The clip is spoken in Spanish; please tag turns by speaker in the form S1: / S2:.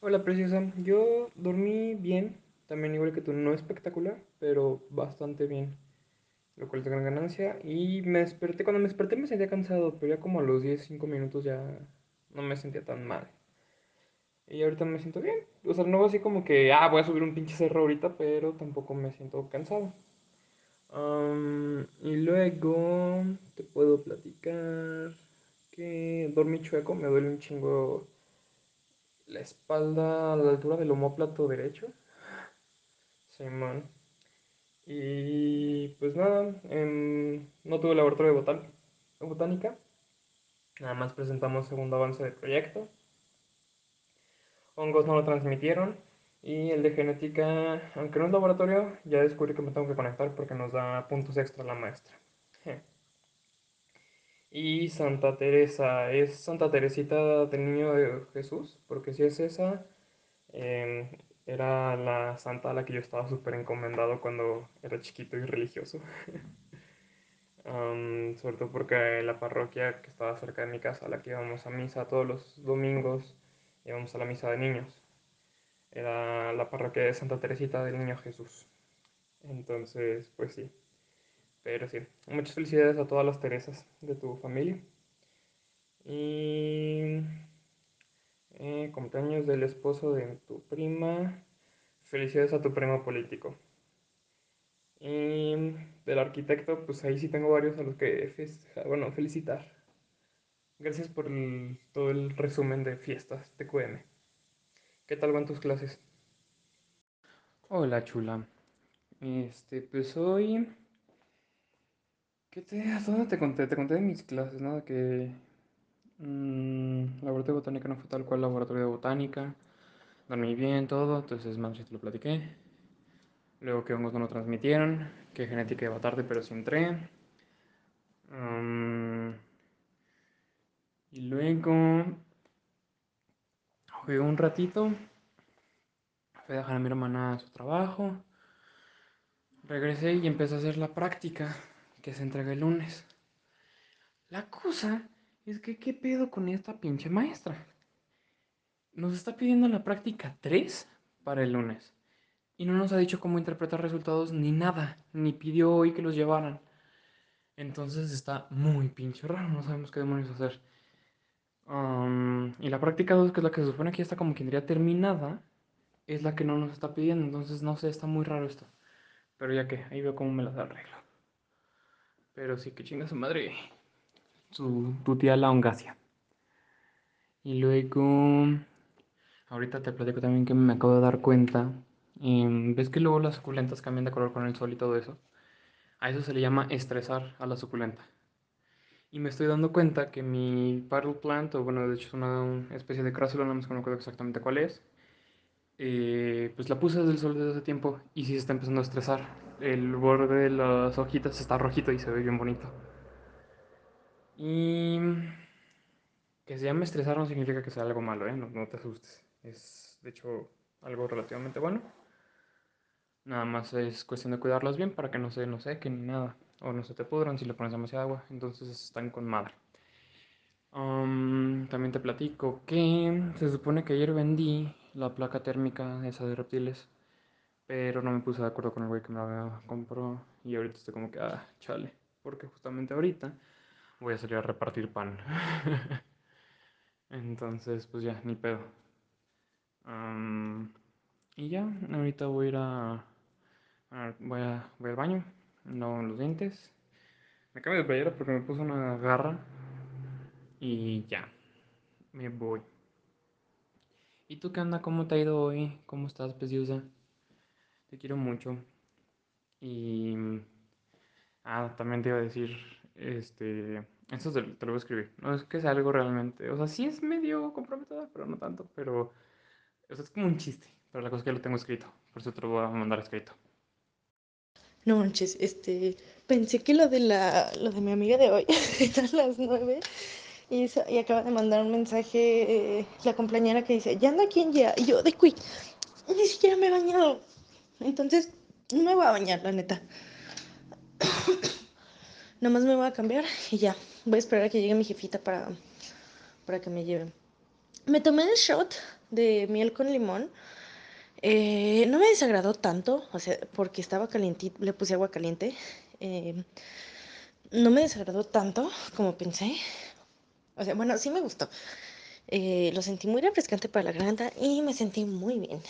S1: Hola, preciosa. Yo dormí bien, también igual que tú, no espectacular, pero bastante bien, lo cual es gran ganancia. Y me desperté, cuando me desperté me sentía cansado, pero ya como a los 10, 5 minutos ya no me sentía tan mal. Y ahorita me siento bien. O sea, no así como que, ah, voy a subir un pinche cerro ahorita, pero tampoco me siento cansado. y luego te puedo platicar que dormí chueco, me duele un chingo la espalda a la altura del homóplato derecho. Simón. Y pues nada, em, no tuve laboratorio de botánica. Nada más presentamos segundo avance del proyecto. Hongos no lo transmitieron. Y el de genética, aunque no un laboratorio, ya descubrí que me tengo que conectar porque nos da puntos extra la maestra y Santa Teresa. ¿Es Santa Teresita del Niño de Jesús? Porque si es esa, em, era la santa a la que yo estaba súper encomendado cuando era chiquito y religioso. sobre todo porque la parroquia que estaba cerca de mi casa, a la que íbamos a misa todos los domingos, íbamos a la misa de niños. Era la parroquia de Santa Teresita del Niño Jesús. Entonces, pues sí. Pero sí, muchas felicidades a todas las Teresas de tu familia. Y eh, cumpleaños del esposo de tu prima. Felicidades a tu primo político. Y del arquitecto, pues ahí sí tengo varios a los que bueno, felicitar. Gracias por todo el resumen de fiestas TQM. ¿Qué tal van tus clases? Hola, chula. Este, pues hoy te, dónde te conté? Te conté de mis clases, ¿no? que mm, laboratorio de botánica no fue tal cual laboratorio de botánica. Dormí bien, todo, entonces más te lo platiqué. Luego que hongos no lo transmitieron, que genética iba tarde pero sí entré. Mm, y luego jugué un ratito. Fui a dejar a mi hermana a su trabajo. Regresé y empecé a hacer la práctica se entrega el lunes. La cosa es que, ¿qué pedo con esta pinche maestra? Nos está pidiendo la práctica 3 para el lunes y no nos ha dicho cómo interpretar resultados ni nada, ni pidió hoy que los llevaran. Entonces está muy pinche raro, no sabemos qué demonios hacer. y la práctica 2, que es la que se supone que ya está como que tendría terminada, es la que no nos está pidiendo. Entonces, no sé, está muy raro esto. Pero ya que, ahí veo cómo me las arreglo. Pero sí que chinga su madre. Su, tu tía la ongacia. Y luego. Ahorita te platico también que me acabo de dar cuenta. Em, ¿Ves que luego las suculentas cambian de color con el sol y todo eso? A eso se le llama estresar a la suculenta. Y me estoy dando cuenta que mi paddle plant, o bueno, de hecho es una especie de crásula, no me acuerdo exactamente cuál es, eh, pues la puse desde el sol desde hace tiempo y sí se está empezando a estresar. El borde de las hojitas está rojito y se ve bien bonito. Y que se llame estresar no significa que sea algo malo, ¿eh? no, te asustes. Es de hecho algo relativamente bueno. Nada más es cuestión de cuidarlas bien para que no se no sequen ni nada. O no se te pudran si le pones demasiada agua. Entonces están con madre. Um, también te platico que se supone que ayer vendí la placa térmica esa de reptiles. Pero no me puse de acuerdo con el güey que me la compró. Y ahorita estoy como que, ah, chale. Porque justamente ahorita voy a salir a repartir pan. Entonces, pues ya, ni pedo. y ya, ahorita voy a ir a, voy al baño, No, los dientes. Me cambio de playera porque me puse una garra. Y ya, me voy. ¿Y tú qué onda? ¿Cómo te ha ido hoy? ¿Cómo estás, preciosa? Te quiero mucho. Y. Mm, ah, también te iba a decir. Este. Eso te, te, lo voy a escribir. No es que sea algo realmente. O sea, sí es medio comprometedor, pero no tanto. Pero. O sea, es como un chiste. Pero la cosa es que lo tengo escrito. Por eso te lo voy a mandar escrito. No manches, este. Pensé que lo de la. Lo de mi amiga de hoy. Están las nueve. Y, acaba de mandar un mensaje eh, la compañera que dice, ¿ya anda en ya? Y yo, de quick ni siquiera me he bañado. Entonces, no me voy a bañar, la neta. Nomás me voy a cambiar y ya. Voy a esperar a que llegue mi jefita para, para que me lleven. Me tomé el shot de miel con limón. Eh, no me desagradó tanto, o sea, porque estaba calientito, le puse agua caliente. Eh, no me desagradó tanto como pensé, o sea, bueno, sí me gustó. Eh, lo sentí muy refrescante para la granda y me sentí muy bien.